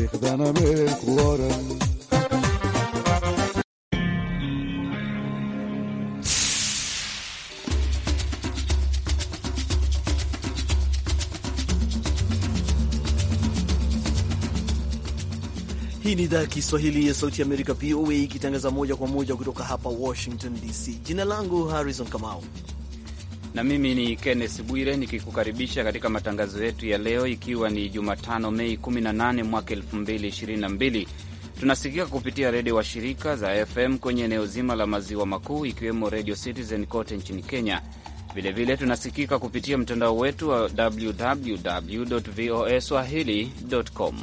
Hii ni idhaa ya Kiswahili ya Sauti ya Amerika, VOA, ikitangaza moja kwa moja kutoka hapa Washington DC. Jina langu Harrison Kamau na mimi ni Kenneth Bwire nikikukaribisha katika matangazo yetu ya leo, ikiwa ni Jumatano Mei 18 mwaka 2022. Tunasikika kupitia redio wa shirika za FM kwenye eneo zima la maziwa makuu ikiwemo Radio Citizen kote nchini Kenya. Vilevile tunasikika kupitia mtandao wetu wa www voa swahili.com.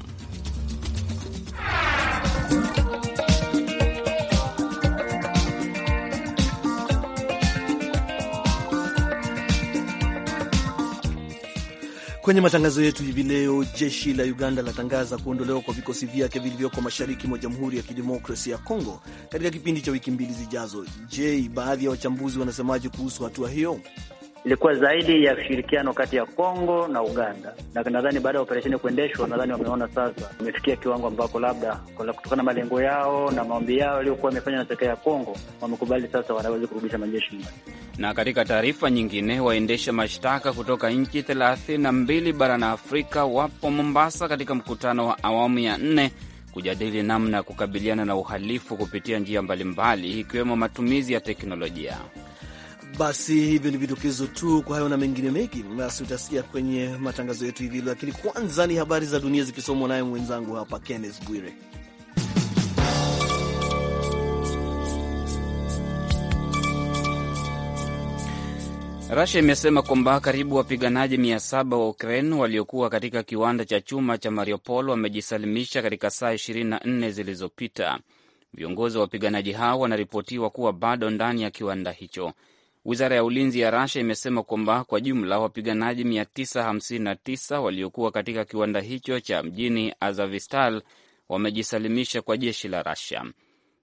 Kwenye matangazo yetu hivi leo, jeshi la Uganda latangaza kuondolewa kwa vikosi vyake vilivyoko mashariki mwa Jamhuri ya Kidemokrasia ya Kongo katika kipindi cha wiki mbili zijazo. Je, baadhi ya wachambuzi wanasemaje kuhusu hatua hiyo? ilikuwa zaidi ya ushirikiano kati ya Kongo na Uganda, na nadhani baada ya operesheni kuendeshwa, nadhani wameona sasa wamefikia kiwango ambako labda kutokana na malengo yao na maombi yao yaliyokuwa wamefanya na serikali ya Kongo, wamekubali sasa wanaweza kurudisha majeshi nyumbani. Na katika taarifa nyingine, waendesha mashtaka kutoka nchi thelathini na mbili barani Afrika wapo Mombasa katika mkutano wa awamu ya nne kujadili namna ya kukabiliana na uhalifu kupitia njia mbalimbali ikiwemo matumizi ya teknolojia. Basi hivyo ni vidokezo tu. Kwa hayo na mengine mengi, basi utasikia kwenye matangazo yetu hivi lakini kwanza ni habari za dunia zikisomwa naye mwenzangu hapa Kenneth Bwire. Rasia imesema kwamba karibu wapiganaji 7 wa Ukraine waliokuwa katika kiwanda cha chuma cha Mariupol wamejisalimisha katika saa 24 zilizopita. Viongozi wa wapiganaji hao wanaripotiwa kuwa bado ndani ya kiwanda hicho. Wizara ya ulinzi ya Rasha imesema kwamba kwa jumla wapiganaji 959 waliokuwa katika kiwanda hicho cha mjini Azavistal wamejisalimisha kwa jeshi la Rasia.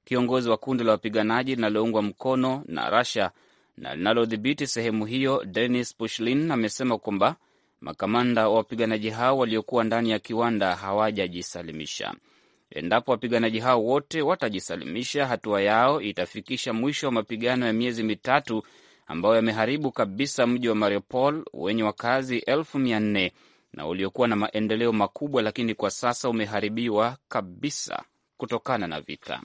Kiongozi wa kundi la wapiganaji linaloungwa mkono na Rasia na linalodhibiti sehemu hiyo, Denis Pushlin, amesema kwamba makamanda wa wapiganaji hao waliokuwa ndani ya kiwanda hawajajisalimisha. Endapo wapiganaji hao wote watajisalimisha, hatua yao itafikisha mwisho wa mapigano ya miezi mitatu ambayo yameharibu kabisa mji wa Mariupol wenye wakazi elfu mia nne na uliokuwa na maendeleo makubwa, lakini kwa sasa umeharibiwa kabisa kutokana na vita.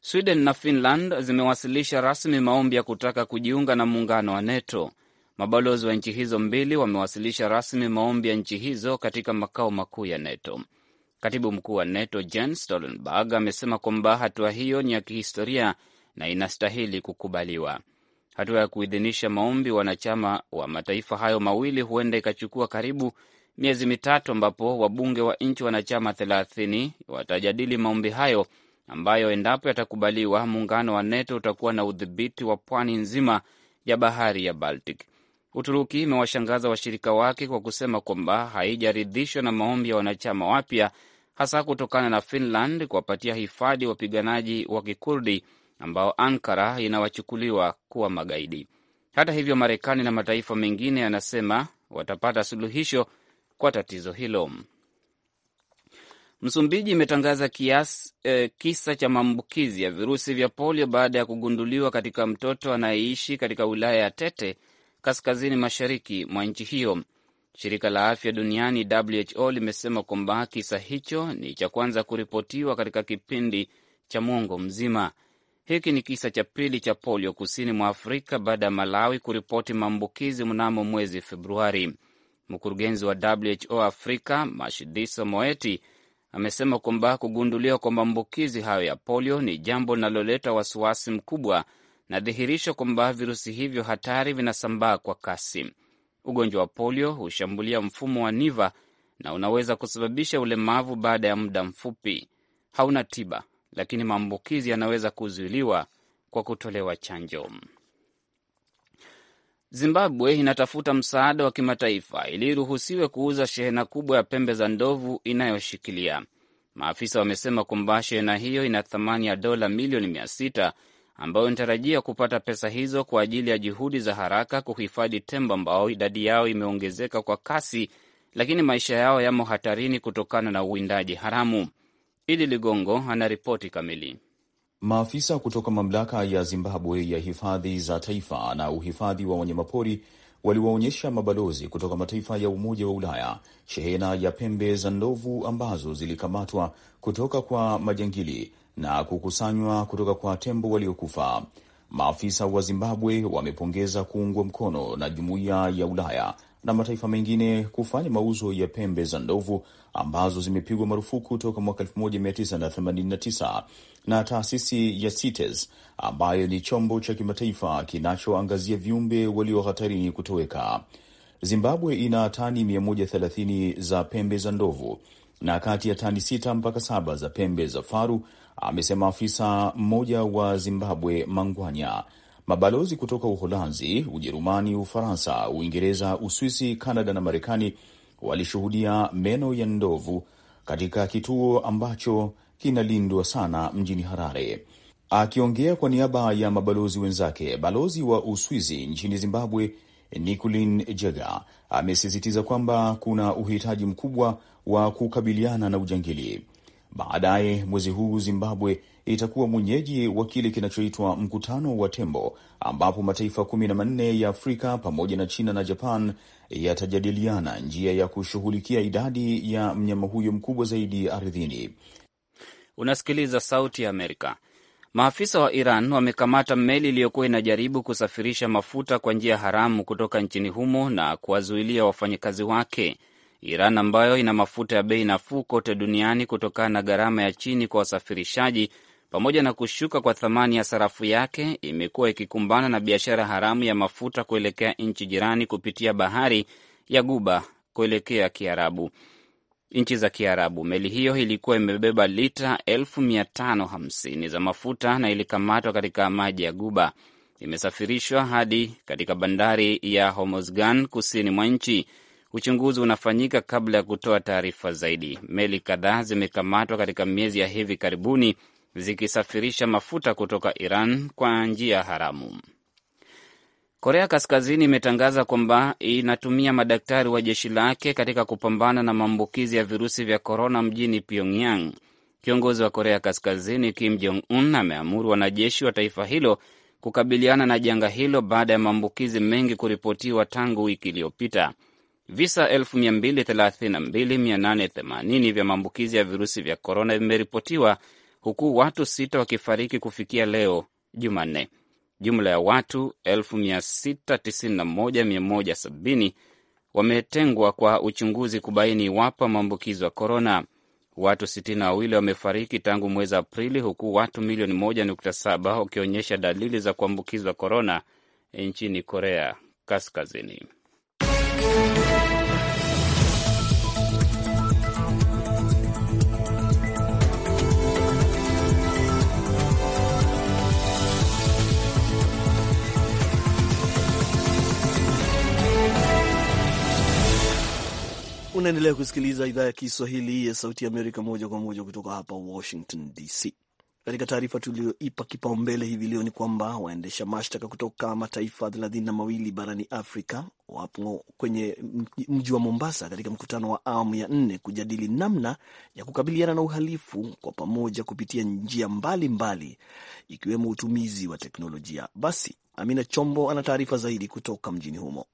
Sweden na Finland zimewasilisha rasmi maombi ya kutaka kujiunga na muungano wa NATO. Mabalozi wa nchi hizo mbili wamewasilisha rasmi maombi ya nchi hizo katika makao makuu ya NATO. Katibu mkuu wa NATO Jens Stoltenberg amesema kwamba hatua hiyo ni ya kihistoria na inastahili kukubaliwa. Hatua ya kuidhinisha maombi wanachama wa mataifa hayo mawili huenda ikachukua karibu miezi mitatu, ambapo wabunge wa nchi wanachama thelathini watajadili maombi hayo ambayo, endapo yatakubaliwa, muungano wa NATO utakuwa na udhibiti wa pwani nzima ya bahari ya Baltic. Uturuki imewashangaza washirika wake kwa kusema kwamba haijaridhishwa na maombi ya wanachama wapya, hasa kutokana na Finland kuwapatia hifadhi wapiganaji wa Kikurdi ambao Ankara inawachukuliwa kuwa magaidi. Hata hivyo, Marekani na mataifa mengine yanasema watapata suluhisho kwa tatizo hilo. Msumbiji imetangaza kias, eh, kisa cha maambukizi ya virusi vya polio baada ya kugunduliwa katika mtoto anayeishi katika wilaya ya Tete kaskazini mashariki mwa nchi hiyo. Shirika la afya duniani WHO limesema kwamba kisa hicho ni cha kwanza kuripotiwa katika kipindi cha mwongo mzima. Hiki ni kisa cha pili cha polio kusini mwa Afrika baada ya Malawi kuripoti maambukizi mnamo mwezi Februari. Mkurugenzi wa WHO Afrika Mashidiso Moeti amesema kwamba kugunduliwa kwa maambukizi hayo ya polio ni jambo linaloleta wasiwasi mkubwa na dhihirisho kwamba virusi hivyo hatari vinasambaa kwa kasi. Ugonjwa wa polio hushambulia mfumo wa neva na unaweza kusababisha ulemavu baada ya muda mfupi. Hauna tiba lakini maambukizi yanaweza kuzuiliwa kwa kutolewa chanjo. Zimbabwe inatafuta msaada wa kimataifa ili iruhusiwe kuuza shehena kubwa ya pembe za ndovu inayoshikilia. Maafisa wamesema kwamba shehena hiyo ina thamani ya dola milioni mia sita ambayo inatarajia kupata pesa hizo kwa ajili ya juhudi za haraka kuhifadhi tembo ambao idadi yao imeongezeka kwa kasi, lakini maisha yao yamo hatarini kutokana na uwindaji haramu. Idi Ligongo anaripoti kamili. Maafisa kutoka mamlaka ya Zimbabwe ya hifadhi za taifa na uhifadhi wa wanyamapori waliwaonyesha mabalozi kutoka mataifa ya Umoja wa Ulaya shehena ya pembe za ndovu ambazo zilikamatwa kutoka kwa majangili na kukusanywa kutoka kwa tembo waliokufa. Maafisa wa Zimbabwe wamepongeza kuungwa mkono na Jumuiya ya Ulaya na mataifa mengine kufanya mauzo ya pembe za ndovu ambazo zimepigwa marufuku toka mwaka 1989 na taasisi ya CITES ambayo ni chombo cha kimataifa kinachoangazia viumbe walio hatarini kutoweka. Zimbabwe ina tani 130 za pembe za ndovu na kati ya tani sita mpaka saba za pembe za faru, amesema afisa mmoja wa Zimbabwe Mangwanya. Mabalozi kutoka Uholanzi, Ujerumani, Ufaransa, Uingereza, Uswisi, Kanada na Marekani walishuhudia meno ya ndovu katika kituo ambacho kinalindwa sana mjini Harare. Akiongea kwa niaba ya mabalozi wenzake, balozi wa Uswizi nchini Zimbabwe Nicolin Jega amesisitiza kwamba kuna uhitaji mkubwa wa kukabiliana na ujangili. Baadaye mwezi huu Zimbabwe itakuwa mwenyeji wa kile kinachoitwa mkutano wa tembo ambapo mataifa kumi na manne ya Afrika pamoja na China na Japan yatajadiliana njia ya kushughulikia idadi ya mnyama huyo mkubwa zaidi ardhini. Unasikiliza Sauti ya Amerika. Maafisa wa Iran wamekamata meli iliyokuwa inajaribu kusafirisha mafuta kwa njia haramu kutoka nchini humo na kuwazuilia wafanyakazi wake. Iran ambayo ina mafuta ya bei nafuu kote duniani kutokana na gharama ya chini kwa wasafirishaji pamoja na kushuka kwa thamani ya sarafu yake, imekuwa ikikumbana na biashara haramu ya mafuta kuelekea nchi jirani kupitia bahari ya Guba kuelekea Kiarabu, nchi za Kiarabu. Meli hiyo ilikuwa imebeba lita elfu za mafuta na ilikamatwa katika maji ya Guba. Imesafirishwa hadi katika bandari ya Hormozgan kusini mwa nchi. Uchunguzi unafanyika kabla ya kutoa taarifa zaidi. Meli kadhaa zimekamatwa katika miezi ya hivi karibuni zikisafirisha mafuta kutoka Iran kwa njia haramu. Korea Kaskazini imetangaza kwamba inatumia madaktari wa jeshi lake katika kupambana na maambukizi ya virusi vya korona mjini Pyongyang. Kiongozi wa Korea Kaskazini Kim Jong Un ameamuru wanajeshi wa taifa hilo kukabiliana na janga hilo baada ya maambukizi mengi kuripotiwa tangu wiki iliyopita. Visa 232880 vya maambukizi ya virusi vya korona vimeripotiwa huku watu sita wakifariki kufikia leo Jumanne. Jumla ya watu 691170 wametengwa kwa uchunguzi kubaini iwapo maambukizo ya korona. Watu 62 wamefariki tangu mwezi Aprili, huku watu milioni 1.7 wakionyesha dalili za kuambukizwa korona nchini Korea Kaskazini. Unaendelea kusikiliza idhaa ya Kiswahili ya Sauti ya Amerika moja kwa moja kutoka hapa Washington DC. Katika taarifa tuliyoipa kipaumbele hivi leo ni kwamba waendesha mashtaka kutoka mataifa thelathini na mawili barani Afrika wapo kwenye mji wa Mombasa katika mkutano wa awamu ya nne kujadili namna ya kukabiliana na uhalifu kwa pamoja kupitia njia mbalimbali ikiwemo utumizi wa teknolojia. Basi Amina Chombo ana taarifa zaidi kutoka mjini humo.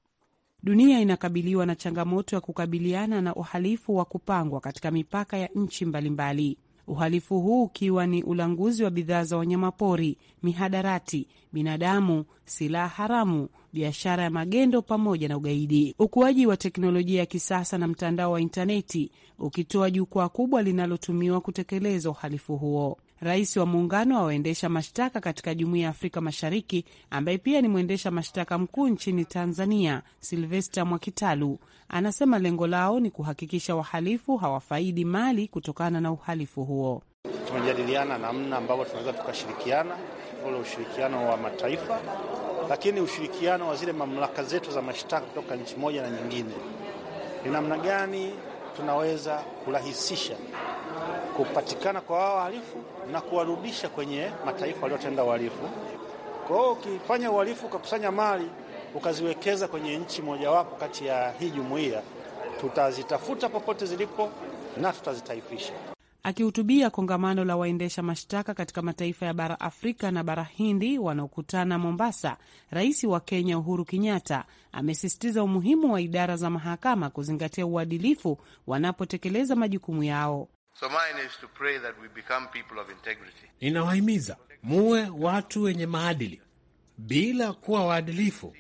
Dunia inakabiliwa na changamoto ya kukabiliana na uhalifu wa kupangwa katika mipaka ya nchi mbalimbali, uhalifu huu ukiwa ni ulanguzi wa bidhaa za wanyamapori, mihadarati, binadamu, silaha haramu, biashara ya magendo pamoja na ugaidi. Ukuaji wa teknolojia ya kisasa na mtandao wa intaneti ukitoa jukwaa kubwa linalotumiwa kutekeleza uhalifu huo rais wa muungano wa waendesha mashtaka katika jumuiya ya Afrika Mashariki, ambaye pia ni mwendesha mashtaka mkuu nchini Tanzania, Silvesta Mwakitalu, anasema lengo lao ni kuhakikisha wahalifu hawafaidi mali kutokana na uhalifu huo. Tumejadiliana namna ambavyo tunaweza tukashirikiana, ule ushirikiano wa mataifa, lakini ushirikiano wa zile mamlaka zetu za mashtaka kutoka nchi moja na nyingine, ni namna gani tunaweza kurahisisha kupatikana kwa wao wahalifu na kuwarudisha kwenye mataifa waliotenda uhalifu. Kwa hiyo ukifanya uhalifu ukakusanya mali ukaziwekeza kwenye nchi mojawapo kati ya hii jumuiya, tutazitafuta popote zilipo na tutazitaifisha. Akihutubia kongamano la waendesha mashtaka katika mataifa ya bara Afrika na bara Hindi wanaokutana Mombasa, rais wa Kenya Uhuru Kenyatta amesisitiza umuhimu wa idara za mahakama kuzingatia uadilifu wanapotekeleza majukumu yao. So mine is to pray that we become people of integrity. Ninawahimiza muwe watu wenye maadili bila kuwa waadilifu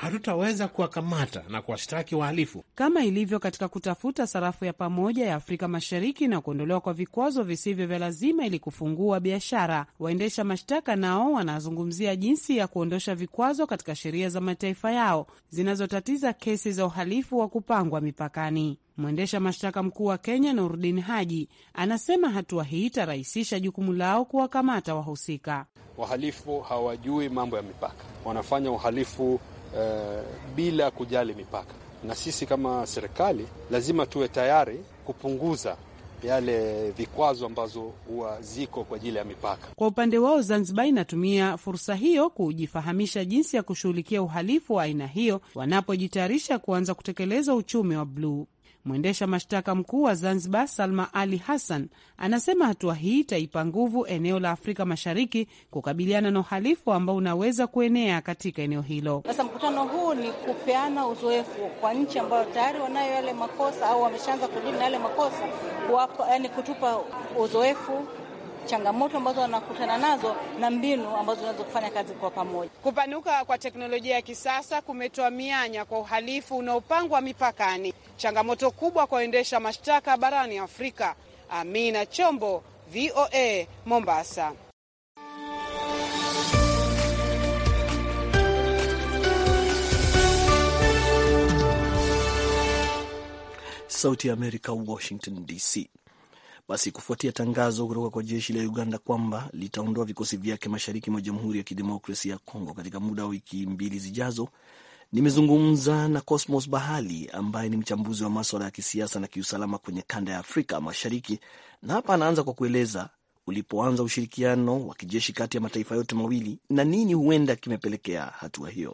hatutaweza kuwakamata na kuwashtaki wahalifu. Kama ilivyo katika kutafuta sarafu ya pamoja ya Afrika Mashariki na kuondolewa kwa vikwazo visivyo vya lazima ili kufungua biashara, waendesha mashtaka nao wanazungumzia jinsi ya kuondosha vikwazo katika sheria za mataifa yao zinazotatiza kesi za uhalifu wa kupangwa mipakani. Mwendesha mashtaka mkuu wa Kenya Nurdin Haji anasema hatua hii itarahisisha jukumu lao kuwakamata wahusika. Wahalifu hawajui mambo ya mipaka, wanafanya uhalifu Eh, bila kujali mipaka. Na sisi kama serikali lazima tuwe tayari kupunguza yale vikwazo ambazo huwa ziko kwa ajili ya mipaka. Kwa upande wao, Zanzibar inatumia fursa hiyo kujifahamisha jinsi ya kushughulikia uhalifu wa aina hiyo wanapojitayarisha kuanza kutekeleza uchumi wa bluu. Mwendesha mashtaka mkuu wa Zanzibar, Salma Ali Hassan, anasema hatua hii itaipa nguvu eneo la Afrika Mashariki kukabiliana na uhalifu ambao unaweza kuenea katika eneo hilo. Sasa mkutano huu ni kupeana uzoefu kwa nchi ambayo tayari wanayo yale makosa au wameshaanza kudili na yale makosa, yani kutupa uzoefu changamoto ambazo wanakutana nazo na mbinu ambazo zinaweza kufanya kazi kwa pamoja. Kupanuka kwa teknolojia ya kisasa kumetoa mianya kwa uhalifu unaopangwa mipakani changamoto kubwa kwa waendesha mashtaka barani Afrika. Amina Chombo, VOA Mombasa. Sauti ya Amerika, Washington DC. Basi kufuatia tangazo kutoka kwa jeshi la Uganda kwamba litaondoa vikosi vyake mashariki mwa Jamhuri ya Kidemokrasia ya Kongo katika muda wa wiki mbili zijazo, Nimezungumza na Cosmos Bahali ambaye ni mchambuzi wa maswala ya kisiasa na kiusalama kwenye kanda ya Afrika Mashariki, na hapa anaanza kwa kueleza ulipoanza ushirikiano wa kijeshi kati ya mataifa yote mawili na nini huenda kimepelekea hatua hiyo.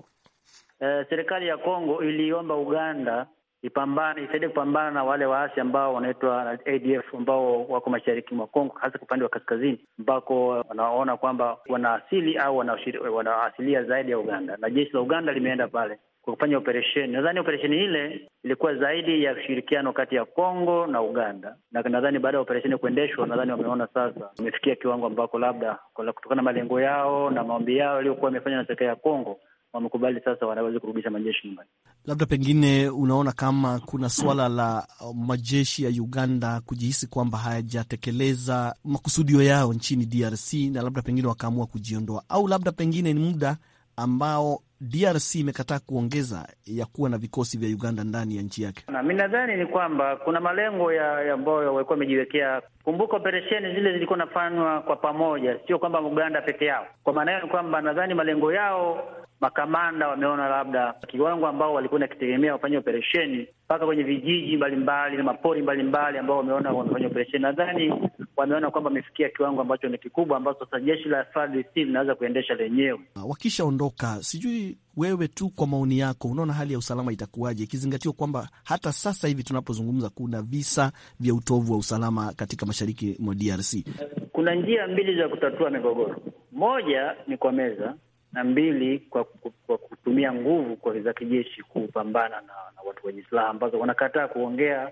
Uh, serikali ya Kongo iliomba Uganda ipambane, isaidie kupambana na wale waasi ambao wanaitwa ADF ambao wako mashariki mwa Kongo, hasa upande wa kaskazini ambako wanaona kwamba wana asili au wana asilia zaidi ya Uganda, na jeshi la Uganda limeenda pale kwa kufanya operesheni. Nadhani operesheni ile ilikuwa zaidi ya ushirikiano kati ya Kongo na Uganda, na nadhani baada ya operesheni kuendeshwa, nadhani wameona sasa wamefikia kiwango ambako labda kutokana na malengo yao na maombi yao yaliyokuwa wamefanya na serikali ya Kongo wamekubali sasa wanaweza kurudisha majeshi nyumbani. Labda pengine unaona kama kuna suala la majeshi ya Uganda kujihisi kwamba hayajatekeleza makusudio yao nchini DRC na labda pengine wakaamua kujiondoa, au labda pengine ni muda ambao DRC imekataa kuongeza ya kuwa na vikosi vya Uganda ndani ya nchi yake. Na mi nadhani ni kwamba kuna malengo ya ambayo walikuwa wamejiwekea. Kumbuka operesheni zile zilikuwa nafanywa kwa pamoja, sio kwamba Uganda peke yao. Kwa maana hiyo ni kwamba nadhani malengo yao makamanda wameona labda kiwango ambao walikuwa nakitegemea wafanya operesheni mpaka kwenye vijiji mbalimbali na mapori mbalimbali ambao wameona wamefanya operesheni, nadhani wameona kwamba wamefikia kiwango ambacho ni kikubwa, ambacho sasa jeshi la FARDC linaweza kuendesha lenyewe ah, wakishaondoka. Sijui wewe tu kwa maoni yako, unaona hali ya usalama itakuwaje, ikizingatiwa kwamba hata sasa hivi tunapozungumza kuna visa vya utovu wa usalama katika mashariki mwa DRC? Kuna njia mbili za kutatua migogoro, moja ni kwa meza na mbili kwa, kwa kutumia nguvu kwa za kijeshi kupambana na, na watu wenye silaha ambazo wanakataa kuongea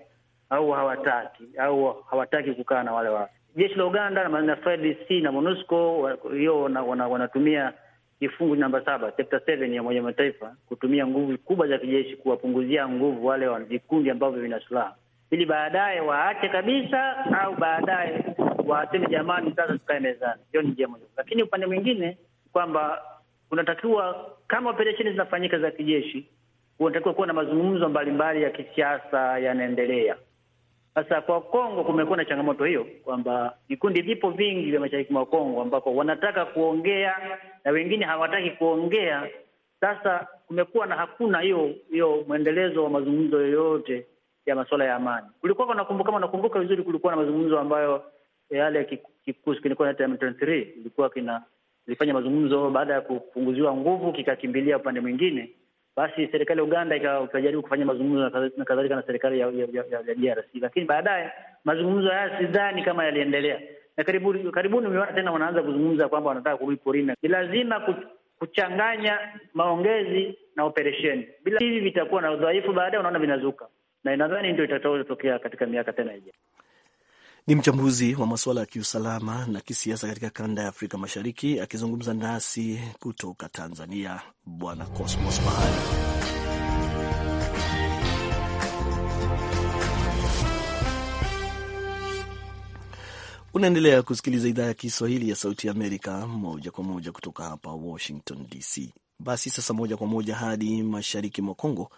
au hawataki au hawataki kukaa na wale wa jeshi la Uganda na FARDC na MONUSCO hiyo wanatumia wana, kifungu namba saba sekta seven ya Umoja Mataifa kutumia nguvu kubwa za kijeshi kuwapunguzia nguvu wale wa vikundi ambavyo vina silaha ili baadaye waache kabisa au baadaye waseme jamani, sasa tukae mezani. Hiyo ni njia moja, lakini upande mwingine kwamba unatakiwa kama operesheni zinafanyika za kijeshi, unatakiwa kuwa na mazungumzo mbalimbali ya kisiasa yanaendelea. Sasa kwa Kongo kumekuwa na changamoto hiyo kwamba vikundi vipo vingi vya mashariki mwa Kongo ambapo wanataka kuongea na wengine hawataki kuongea. Sasa kumekuwa na hakuna hiyo hiyo mwendelezo wa mazungumzo yoyote ya masuala ya amani. Kulikuwa kama nakumbuka vizuri, kulikuwa na mazungumzo ambayo eh, yale kikosi kilikuwa na M23 ilikuwa kina zilifanya mazungumzo baada ya kupunguziwa nguvu kikakimbilia upande mwingine, basi serikali ya Uganda ikajaribu kufanya mazungumzo na kadhalika na serikali ya, ya, ya, ya DRC, lakini baadaye mazungumzo haya sidhani kama yaliendelea, na karibuni karibuni umeona tena wanaanza kuzungumza kwamba wanataka kurudi porini. Ni lazima kuchanganya maongezi na operesheni, bila hivi vitakuwa na udhaifu, baadaye unaona vinazuka, na inadhani ndio itatokea katika miaka tena ijayo ni mchambuzi wa masuala ya kiusalama na kisiasa katika kanda ya Afrika Mashariki, akizungumza nasi kutoka Tanzania, Bwana Cosmos Bahari. Unaendelea kusikiliza idhaa ya Kiswahili ya Sauti ya Amerika moja kwa moja kutoka hapa Washington DC. Basi sasa moja kwa moja hadi mashariki mwa Kongo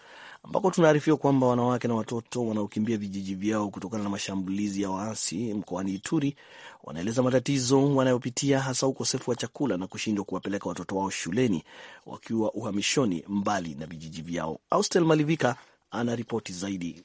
ambako tunaarifiwa kwamba wanawake na watoto wanaokimbia vijiji vyao kutokana na mashambulizi ya waasi mkoani Ituri wanaeleza matatizo wanayopitia hasa ukosefu wa chakula na kushindwa kuwapeleka watoto wao shuleni wakiwa uhamishoni mbali na vijiji vyao. Austel Malivika ana ripoti zaidi.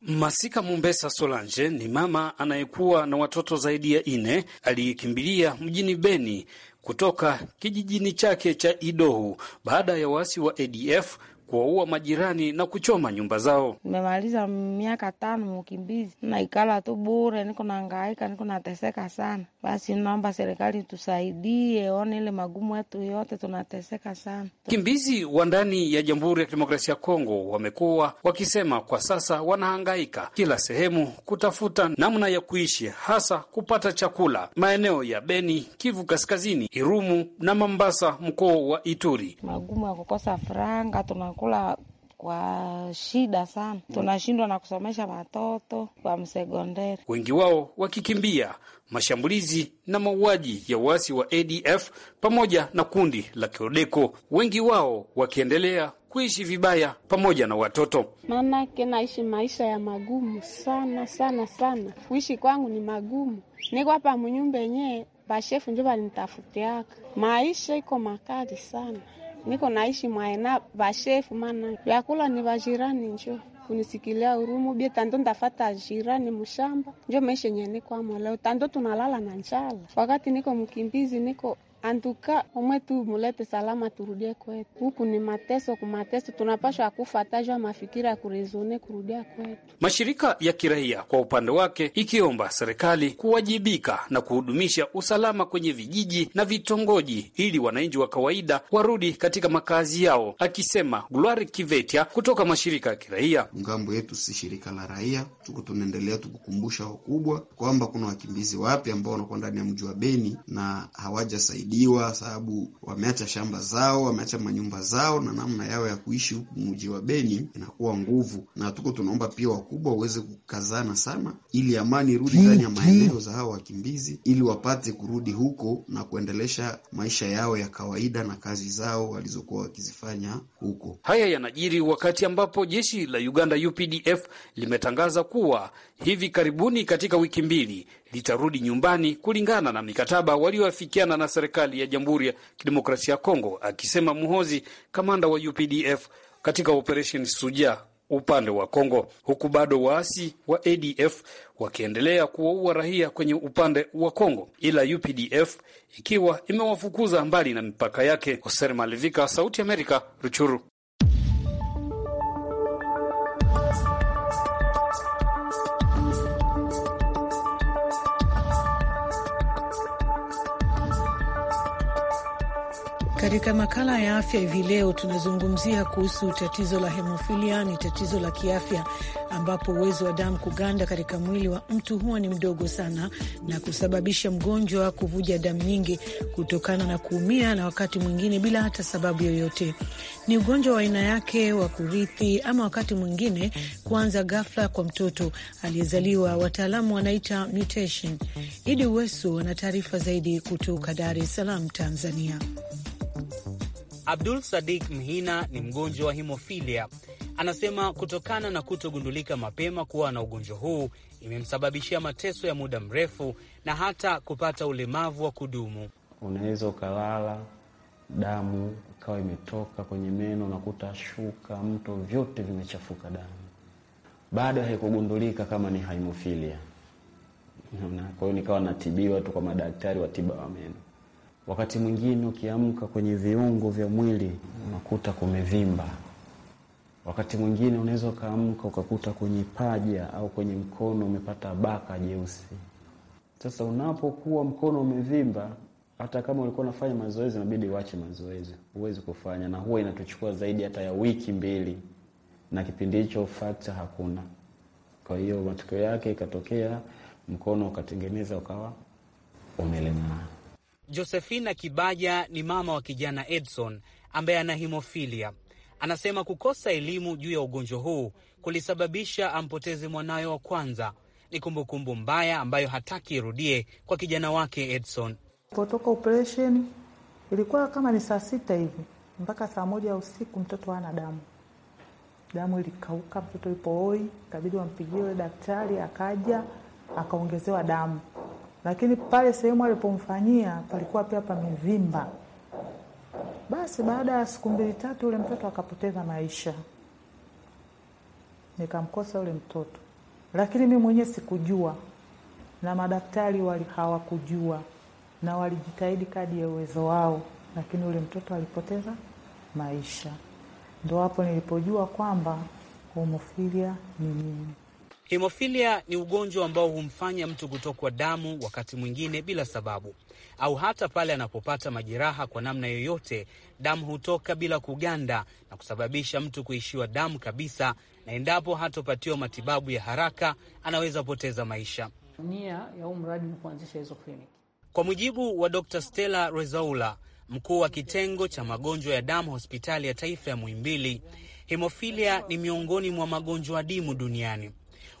Masika Mumbesa Solange ni mama anayekuwa na watoto zaidi ya ine aliyekimbilia mjini Beni kutoka kijijini chake cha Idohu baada ya waasi wa ADF kuwaua majirani na kuchoma nyumba zao. Nimemaliza miaka tano mukimbizi, naikala tu bure, niko nangaika, niko nateseka sana. Basi naomba serikali tusaidie, one ile magumu yetu yote, tunateseka sana. Wakimbizi wa ndani ya Jamhuri ya Kidemokrasia ya Kongo wamekuwa wakisema kwa sasa wanahangaika kila sehemu kutafuta namna ya kuishi, hasa kupata chakula maeneo ya Beni, Kivu Kaskazini, Irumu na Mambasa, mkoa wa Ituri. Magumu ya kukosa franga tuna tunakula kwa shida sana, mm. tunashindwa na kusomesha watoto kwa msegonderi wengi wao wakikimbia mashambulizi na mauaji ya waasi wa ADF pamoja na kundi la kiodeko wengi wao wakiendelea kuishi vibaya pamoja na watoto. Maanake naishi maisha ya magumu sana sana sana, kuishi kwangu ni magumu, niko hapa mnyumba yenyewe bashefu njo valinitafutiaka, maisha iko makali sana niko naishi mwaena vashefu, maana vyakula ni vajirani njo kunisikilia urumu bie tando ndafata jirani mshamba njo maisha yenye niko leo. Tando tunalala na njala, wakati niko mkimbizi niko Antuka omwe tu mulete salama, turudie kwetu. Huku ni mateso kumateso, tunapashwa kufa atajwa mafikira ya kurezone kurudia kwetu. Mashirika ya kiraia kwa upande wake ikiomba serikali kuwajibika na kuhudumisha usalama kwenye vijiji na vitongoji ili wananchi wa kawaida warudi katika makazi yao, akisema Glory Kivetia kutoka mashirika ya kiraia. Ngambo yetu si shirika la raia, tuko tunaendelea tukukumbusha wakubwa kwamba kuna wakimbizi wapya ambao wanakuwa ndani ya mji wa Beni na hawajasaidia kuzidiwa, sababu wameacha shamba zao, wameacha manyumba zao, na namna yao ya kuishi huku mji wa Beni inakuwa nguvu, na tuko tunaomba pia wakubwa waweze kukazana sana, ili amani irudi ndani ya maeneo za hao wakimbizi, ili wapate kurudi huko na kuendelesha maisha yao ya kawaida na kazi zao walizokuwa wakizifanya huko. Haya yanajiri wakati ambapo jeshi la Uganda UPDF limetangaza kuwa hivi karibuni katika wiki mbili litarudi nyumbani kulingana na mikataba walioafikiana na serikali ya Jamhuri ya Kidemokrasia ya Kongo, akisema Muhozi, kamanda wa UPDF katika operesheni suja upande wa Kongo, huku bado waasi wa ADF wakiendelea kuwaua raia kwenye upande wa Kongo, ila UPDF ikiwa imewafukuza mbali na mipaka yake. Hoser Malivika, Sauti Amerika, Ruchuru. Katika makala ya afya hivi leo tunazungumzia kuhusu tatizo la hemofilia. Ni tatizo la kiafya ambapo uwezo wa damu kuganda katika mwili wa mtu huwa ni mdogo sana na kusababisha mgonjwa kuvuja damu nyingi kutokana na kuumia, na wakati mwingine bila hata sababu yoyote. Ni ugonjwa wa aina yake wa kurithi, ama wakati mwingine kuanza ghafla kwa mtoto aliyezaliwa, wataalamu wanaita mutation. Idi Wesu ana taarifa zaidi kutoka Dar es Salaam, Tanzania. Abdul Sadik Mhina ni mgonjwa wa himofilia. Anasema kutokana na kutogundulika mapema kuwa na ugonjwa huu imemsababishia mateso ya muda mrefu na hata kupata ulemavu wa kudumu. Unaweza ukalala, damu ikawa imetoka kwenye meno, unakuta shuka, mto, vyote vimechafuka damu, bado haikugundulika kama ni haimofilia. Kwa hiyo nikawa natibiwa tu kwa madaktari wa tiba wa meno. Wakati mwingine ukiamka kwenye viungo vya mwili unakuta kumevimba. Wakati mwingine unaweza ukaamka ukakuta kwenye paja au kwenye mkono umepata baka jeusi. Sasa unapokuwa mkono umevimba, hata kama ulikuwa unafanya mazoezi, inabidi uache mazoezi, huwezi kufanya, na huwa inatuchukua zaidi hata ya wiki mbili, na kipindi hicho fakta hakuna. Kwa hiyo matokeo yake ikatokea mkono ukatengeneza ukawa umelemaa. Josefina Kibaja ni mama wa kijana Edson ambaye ana himofilia. Anasema kukosa elimu juu ya ugonjwa huu kulisababisha ampoteze mwanawe wa kwanza. Ni kumbukumbu mbaya ambayo hataki irudie kwa kijana wake Edson. Potoka operesheni ilikuwa kama ni saa sita hivi mpaka saa moja ya usiku, mtoto hana damu, damu ilikauka, mtoto ipo hoi, kabidi wampigie daktari, akaja akaongezewa damu lakini pale sehemu alipomfanyia palikuwa pia pamevimba. Basi baada ya siku mbili tatu, yule mtoto akapoteza maisha, nikamkosa yule mtoto, lakini mi mwenyewe sikujua na madaktari wali hawakujua na walijitahidi kadi ya uwezo wao, lakini yule mtoto alipoteza maisha. Ndo hapo nilipojua kwamba homofilia ni nini. Hemofilia ni ugonjwa ambao humfanya mtu kutokwa damu wakati mwingine bila sababu, au hata pale anapopata majeraha kwa namna yoyote, damu hutoka bila kuganda na kusababisha mtu kuishiwa damu kabisa, na endapo hatopatiwa matibabu ya haraka anaweza poteza maisha. Nia ya huu mradi ni kuanzisha hizo kliniki. Kwa mujibu wa Dr. Stella Rezaula, mkuu wa kitengo cha magonjwa ya damu hospitali ya taifa ya Muhimbili, hemofilia ni miongoni mwa magonjwa adimu duniani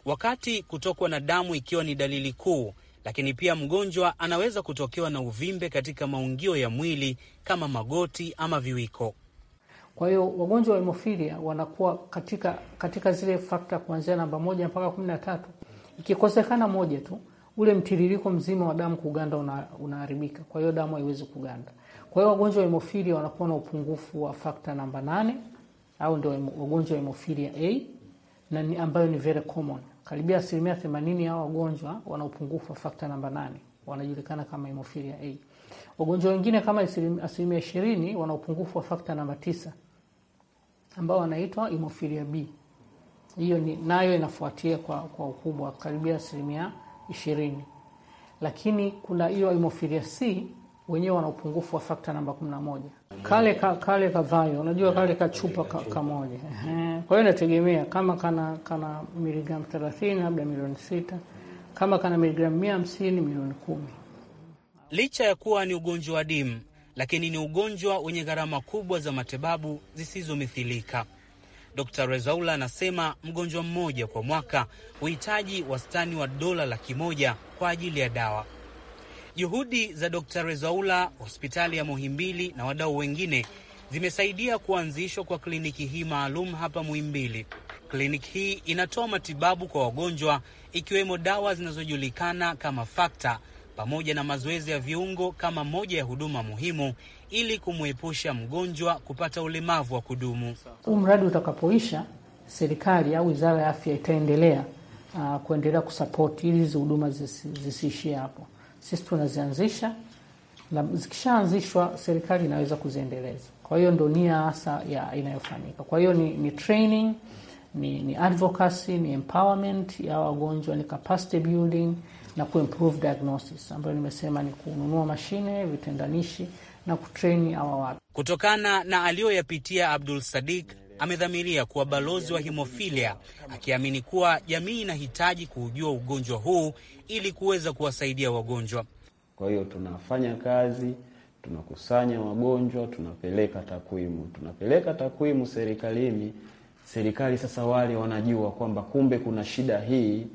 wakati kutokwa na damu ikiwa ni dalili kuu, lakini pia mgonjwa anaweza kutokewa na uvimbe katika maungio ya mwili kama magoti ama viwiko. Kwa hiyo wagonjwa wa hemofilia wanakuwa katika, katika zile fakta kuanzia namba moja mpaka kumi na tatu. Ikikosekana moja tu, ule mtiririko mzima wa damu kuganda una, unaharibika. Kwa hiyo damu haiwezi kuganda. Kwa hiyo wagonjwa wa hemofilia wanakuwa na upungufu wa fakta namba nane au ndio wagonjwa wa hemofilia A na ambayo ni very common. Karibia asilimia themanini ya wagonjwa wana upungufu wa fakta namba nane wanajulikana kama hemofilia A. Wagonjwa wengine kama asilimia ishirini wana upungufu wa fakta namba tisa ambao wanaitwa hemofilia B. Hiyo ni nayo inafuatia kwa, kwa ukubwa karibia asilimia ishirini, lakini kuna hiyo hemofilia C wenyewe wana upungufu wa fakta namba kumi na moja kale ka, kale kavayo unajua kale kachupa ka, kamoja kwa hiyo inategemea kama kana kana miligramu thelathini labda milioni sita kama kana miligramu mia hamsini milioni kumi Licha ya kuwa ni ugonjwa wa dimu, lakini ni ugonjwa wenye gharama kubwa za matibabu zisizomithilika. Dkt Rezaula anasema mgonjwa mmoja kwa mwaka huhitaji wastani wa dola laki moja kwa ajili ya dawa. Juhudi za d Rezaula, hospitali ya Muhimbili na wadau wengine zimesaidia kuanzishwa kwa kliniki hii maalum hapa Muhimbili. Kliniki hii inatoa matibabu kwa wagonjwa ikiwemo dawa zinazojulikana kama fakta pamoja na mazoezi ya viungo kama moja ya huduma muhimu ili kumwepusha mgonjwa kupata ulemavu wa kudumu. Huu mradi utakapoisha, serikali au wizara ya afya itaendelea uh, kuendelea kusapoti ili hizi huduma zisiishie hapo sisi tunazianzisha na zikishaanzishwa serikali inaweza kuziendeleza. Kwa hiyo ndo nia hasa ya inayofanyika. Kwa hiyo ni, ni training ni, ni advocacy ni empowerment ya wagonjwa ni capacity building na kuimprove diagnosis ambayo nimesema ni kununua mashine, vitendanishi na kutreni hawa watu. Kutokana na aliyoyapitia Abdul Sadik amedhamiria kuwa balozi wa himofilia, akiamini kuwa jamii inahitaji kuujua ugonjwa huu ili kuweza kuwasaidia wagonjwa. Kwa hiyo tunafanya kazi, tunakusanya wagonjwa, tunapeleka takwimu, tunapeleka takwimu serikalini. Serikali sasa wale wanajua kwamba kumbe kuna shida hii,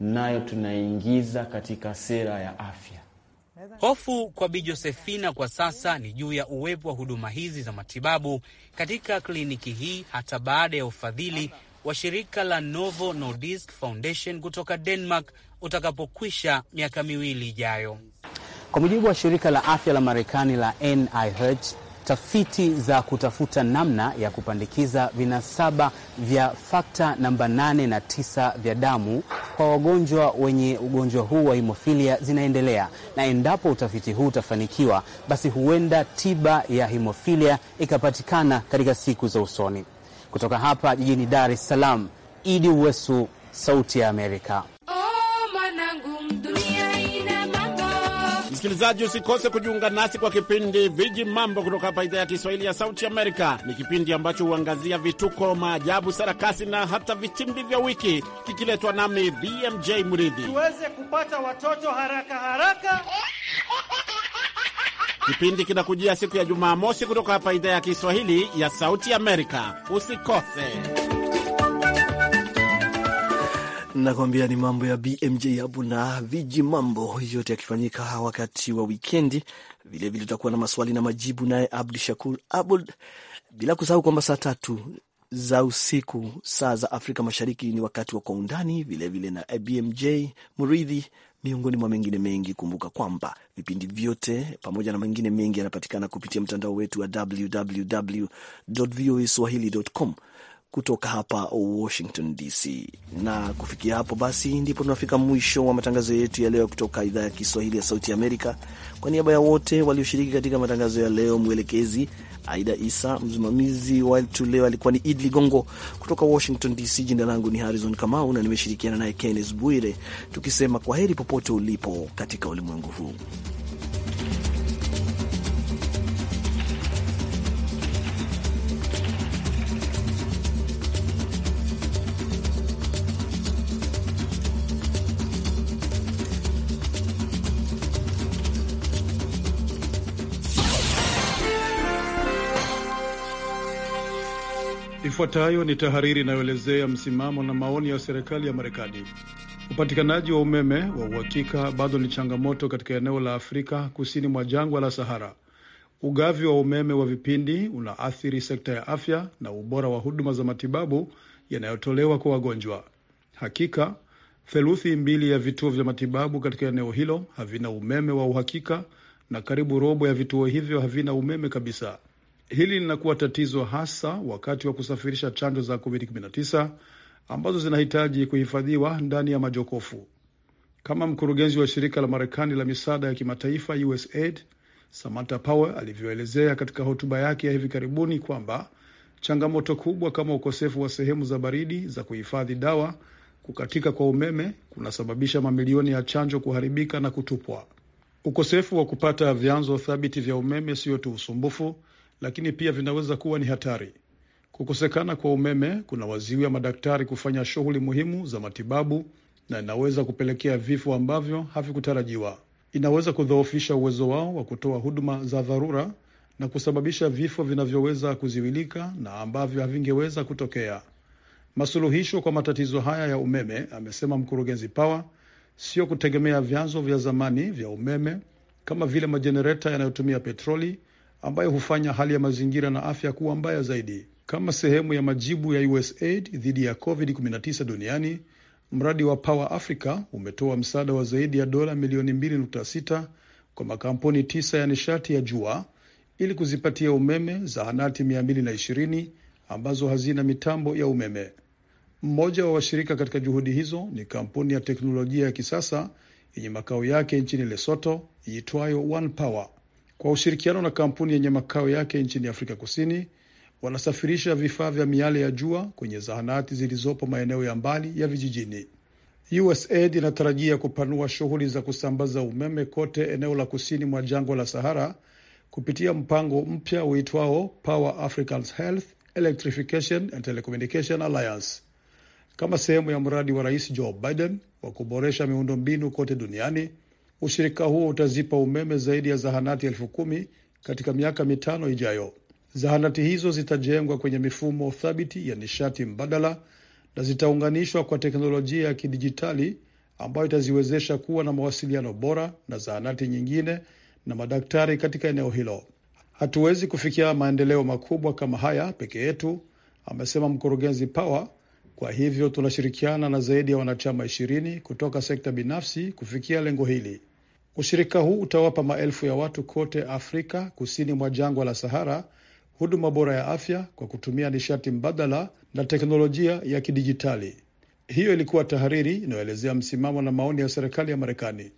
nayo tunaingiza katika sera ya afya. Hofu kwa Bi Josefina kwa sasa ni juu ya uwepo wa huduma hizi za matibabu katika kliniki hii hata baada ya ufadhili wa shirika la Novo Nordisk Foundation kutoka Denmark utakapokwisha miaka miwili ijayo. Kwa mujibu wa shirika la afya la Marekani la NIH, tafiti za kutafuta namna ya kupandikiza vinasaba vya fakta namba 8 na tisa vya damu kwa wagonjwa wenye ugonjwa huu wa himofilia zinaendelea, na endapo utafiti huu utafanikiwa, basi huenda tiba ya himofilia ikapatikana katika siku za usoni. Kutoka hapa jijini Dar es Salaam, Idi Wesu, Sauti ya Amerika. Msikilizaji, usikose kujiunga nasi kwa kipindi Viji Mambo kutoka hapa idhaa ya Kiswahili ya Sauti Amerika. Ni kipindi ambacho huangazia vituko, maajabu, sarakasi na hata vitimbi vya wiki, kikiletwa nami BMJ Mridhi tuweze kupata watoto haraka haraka. Kipindi kinakujia siku ya Jumamosi kutoka hapa idhaa ya Kiswahili ya Sauti Amerika. Usikose. Nakwambia ni mambo ya BMJ Yabu na viji mambo yote yakifanyika wakati wa wikendi. Vilevile tutakuwa na maswali na majibu naye Abdu Shakur Abud, bila kusahau kwamba saa tatu za usiku saa za Afrika Mashariki ni wakati wa kwa undani, vilevile na BMJ Muridhi, miongoni mwa mengine mengi. Kumbuka kwamba vipindi vyote pamoja na mengine mengi yanapatikana kupitia mtandao wetu wa www swahili.com kutoka hapa Washington DC. Na kufikia hapo basi, ndipo tunafika mwisho wa matangazo yetu ya leo kutoka idhaa ya Kiswahili ya Sauti Amerika. Kwa niaba ya wote walioshiriki katika matangazo ya leo, mwelekezi Aida Isa, msimamizi wetu leo alikuwa ni Idi Ligongo kutoka Washington DC. Jina langu ni Harrison Kamau na nimeshirikiana naye Kennes Bwire, tukisema kwa heri popote ulipo katika ulimwengu huu. Ifuatayo ni tahariri inayoelezea msimamo na maoni ya serikali ya Marekani. Upatikanaji wa umeme wa uhakika bado ni changamoto katika eneo la Afrika kusini mwa jangwa la Sahara. Ugavi wa umeme wa vipindi unaathiri sekta ya afya na ubora wa huduma za matibabu yanayotolewa kwa wagonjwa. Hakika theluthi mbili ya vituo vya matibabu katika eneo hilo havina umeme wa uhakika na karibu robo ya vituo hivyo havina umeme kabisa. Hili linakuwa tatizo hasa wakati wa kusafirisha chanjo za COVID-19 ambazo zinahitaji kuhifadhiwa ndani ya majokofu. Kama mkurugenzi wa shirika la Marekani la misaada ya kimataifa USAID Samantha Power alivyoelezea katika hotuba yake ya hivi karibuni kwamba changamoto kubwa kama ukosefu wa sehemu za baridi za kuhifadhi dawa, kukatika kwa umeme kunasababisha mamilioni ya chanjo kuharibika na kutupwa. Ukosefu wa kupata vyanzo thabiti vya umeme sio tu usumbufu, lakini pia vinaweza kuwa ni hatari. Kukosekana kwa umeme kuna kunawazuia madaktari kufanya shughuli muhimu za matibabu na inaweza kupelekea vifo ambavyo havikutarajiwa. Inaweza kudhoofisha uwezo wao wa kutoa huduma za dharura na kusababisha vifo vinavyoweza kuziwilika na ambavyo havingeweza kutokea. Masuluhisho kwa matatizo haya ya umeme, amesema mkurugenzi Power, sio kutegemea vyanzo vya zamani vya umeme kama vile majenereta yanayotumia petroli ambayo hufanya hali ya mazingira na afya kuwa mbaya zaidi. Kama sehemu ya majibu ya USAID dhidi ya COVID-19 duniani, mradi wa Power Africa umetoa msaada wa zaidi ya dola milioni 2.6 kwa makampuni tisa ya nishati ya jua ili kuzipatia umeme zahanati 220 ambazo hazina mitambo ya umeme. Mmoja wa washirika katika juhudi hizo ni kampuni ya teknolojia ya kisasa yenye makao yake nchini Lesotho iitwayo One Power kwa ushirikiano na kampuni yenye makao yake nchini Afrika Kusini wanasafirisha vifaa vya miale ya jua kwenye zahanati zilizopo maeneo ya mbali ya vijijini. USAID inatarajia kupanua shughuli za kusambaza umeme kote eneo la kusini mwa jangwa la Sahara kupitia mpango mpya uitwao Power Africa's Health Electrification and Telecommunication Alliance kama sehemu ya mradi wa Rais Joe Biden wa kuboresha miundombinu kote duniani. Ushirika huo utazipa umeme zaidi ya zahanati elfu kumi katika miaka mitano ijayo. Zahanati hizo zitajengwa kwenye mifumo thabiti ya nishati mbadala na zitaunganishwa kwa teknolojia ya kidijitali ambayo itaziwezesha kuwa na mawasiliano bora na zahanati nyingine na madaktari katika eneo hilo. Hatuwezi kufikia maendeleo makubwa kama haya peke yetu, amesema mkurugenzi Power kwa hivyo tunashirikiana na zaidi ya wanachama ishirini kutoka sekta binafsi kufikia lengo hili. Ushirika huu utawapa maelfu ya watu kote Afrika kusini mwa jangwa la Sahara huduma bora ya afya kwa kutumia nishati mbadala na teknolojia ya kidijitali. Hiyo ilikuwa tahariri inayoelezea msimamo na maoni ya serikali ya Marekani.